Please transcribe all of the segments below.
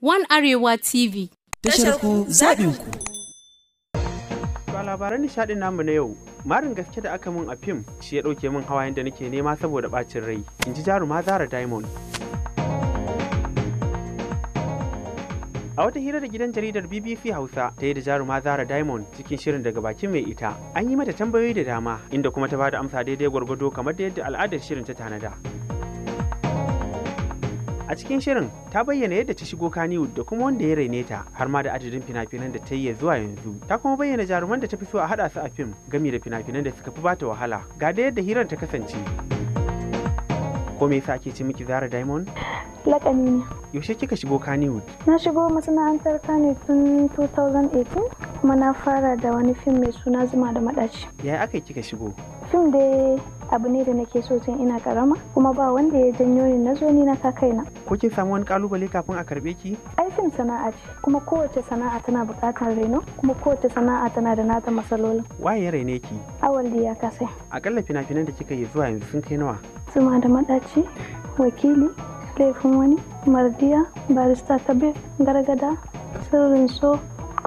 One Arewa TV. Tashar ku zaɓin ku. Ba labaran nishaɗin namu na yau, marin gaske da aka mun a fim shi ya ɗauke min hawayen da nake nema saboda ɓacin rai, in ji jaruma Zara Diamond. A wata hira da gidan jaridar BBC Hausa ta yi da jaruma Zara Diamond cikin shirin daga bakin mai ita, an yi mata tambayoyi da dama inda kuma ta bada amsa daidai gwargwado kamar da yadda al'adar shirin ta tanada. a cikin shirin ta bayyana yadda ta shigo kaniwood da kuma wanda ya raine ta har ma da adadin fina-finan da ta yi zuwa yanzu ta kuma bayyana jaruman da ta fi so a hada su a fim gami da fina-finan da suka fi bata wahala ga da yadda hirar ta kasance ko me yasa ake ce miki Zara Diamond? Lakani ne. Yaushe kika shigo Kannywood? Na shigo masana'antar Kannywood tun 2018 kuma na fara da wani fim mai suna zuma da madaci. Yaya aka yi kika shigo? fim da abu ne da nake so tun ina karama kuma ba wanda ya janyo ni na zo ni na ka kaina ko kin samu wani kalubale kafin a karbe ki aikin sana'a ce kuma kowace sana'a tana buƙatar raino, kuma kowace sana'a tana da nata matsalolin waye ya raine ki awalli ya kasai akalla fina-finan da kika yi zuwa yanzu sun kai nawa suma da madaci wakili laifin wani mardiya barista kabir gargada sirrin so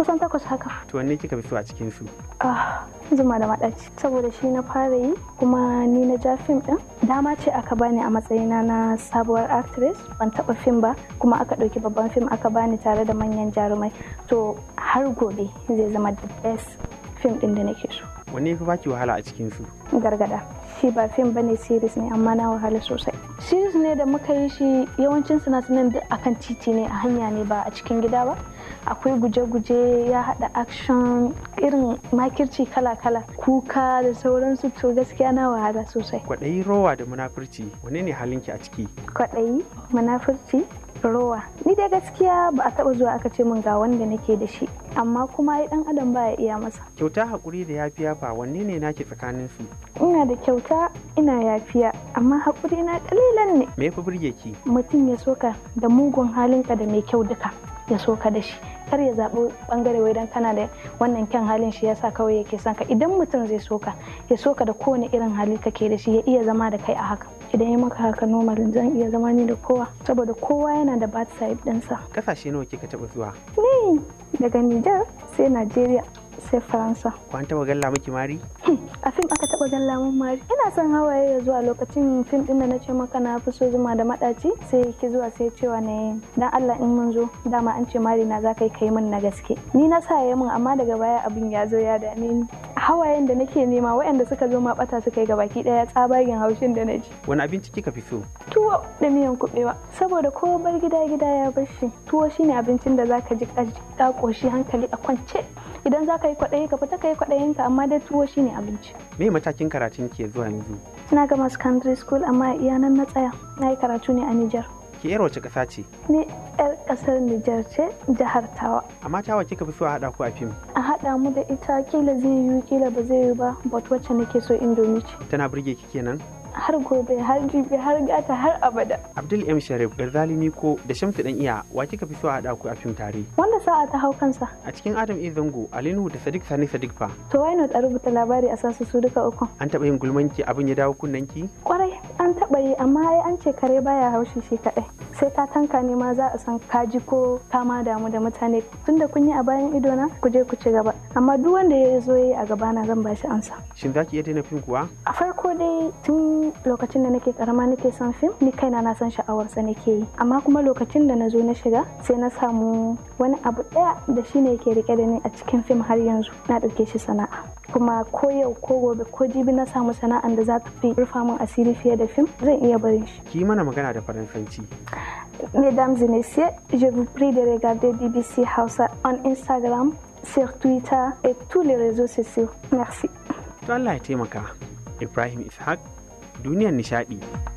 kusan takwas haka to wanne kika fi so a cikin su ah zuma da madaci saboda shi na fara yi kuma ni na ja fim din dama ce aka bani a matsayina na sabuwar actress ban taba fim ba kuma aka dauki babban fim aka bani tare da manyan jarumai to har gobe zai zama the best fim din da nake so wanne ya fi baki wahala a cikin su gargada shi ba fim ba ne series ne amma na wahala sosai series ne da muka yi shi yawancin sinasinan duk akan titi ne a hanya ne ba a cikin gida ba akwai guje-guje ya haɗa action irin makirci kala-kala kuka da sauransu to gaskiya na wahala sosai kwaɗayi rowa da munafurci wani ne halinki a ciki kwaɗayi munafurci rowa ni dai gaskiya ba a taba zuwa aka ce min ga wanda nake da shi amma kuma idan dan adam baya iya masa kyauta hakuri da yafiya fa wanne ne nake tsakanin su ina da kyauta ina yafiya amma hakuri na kalilan ne me yafi burge ki mutum ya soka da mugun halinka da mai kyau duka ya soka da shi kar ya zaɓi ɓangare wai dan kana da wannan kyan halin shi yasa kawai yake son ka idan mutum zai soka ya soka ka da kowane irin hali kake da shi ya iya zama da kai a haka idan ya maka haka normal zan iya zama ni da kowa saboda kowa yana da bad side ɗinsa kasashe nawa kika taɓa zuwa ni daga Nijar sai Najeriya sai Faransa. an taɓa galla miki mari? Hmm. a fim aka taba gan lamun mari ina son hawaye ya zuwa lokacin fim din da na ce maka na fi so zuma da madaci sai ki zuwa sai cewa na yi. dan Allah in mun zo dama an ce mari na za yi kai min na gaske ni na sa mun, amma daga baya abin ya zo ya dame ni hawayen da nake nema waɗanda suka zo ma bata suka yi gabaki daya tsabagen haushin da na ji wani abinci kika fi so tuwo da miyan kubewa saboda ko bar gida gida ya bar shi tuwo shine abincin da zaka ji ka koshi hankali a kwance idan za ka yi kwaɗayi ka fita ka yi kwaɗayin ka amma dai tuwo shine abinci me matakin karatun ke zuwa yanzu Ina gama secondary school amma iya nan na tsaya na yi karatu ne a Nijar. ki yar wace ƙasa ce ni yar ƙasar Nijar ce jihar Tawa amma Tawa kika fi so a haɗa ku a fim a haɗa mu da ita kila zai yiwu kila ba zai yiwu ba but wacce nake so indomie ce tana birge ki kenan har gobe har jibi har gata har abada abdul m sharif garzali ko da shamsu dan iya wa kika fi so a haɗa ku a fim tare wanda sa'a ta hau kansa a cikin adam e zango alinu da sadiq sani sadiq fa to why not a rubuta labari a sasu su duka uku an taɓa yin gulmanki abin ya dawo kunnanki kwarai an taɓa yi amma ai an ce kare baya haushi shi kaɗai sai ka tanka ne ma za a san ka ji ko kama ma damu da mutane tunda kun yi a bayan ido na ku je ku ci gaba amma duk wanda ya zo yi a gaba na zan ba shi ansa shin za ki iya daina fim kuwa a farko dai tun lokacin da nake karama nake son fim ni kaina na san sha'awar sa nake yi amma kuma lokacin da na zo na shiga sai na samu wani abu daya da shine yake rike da ni a cikin fim har yanzu na ɗauke shi sana'a kuma ko yau ko gobe ko jibi na samu sana'an da za ta fi rufa min asiri fiye da fim zan iya barin shi ki mana magana da faransanci mesdames et je vous prie de regarder BBC Hausa on Instagram sur Twitter et tous les réseaux sociaux merci Allah ya taimaka Ibrahim Ishaq duniyar nishadi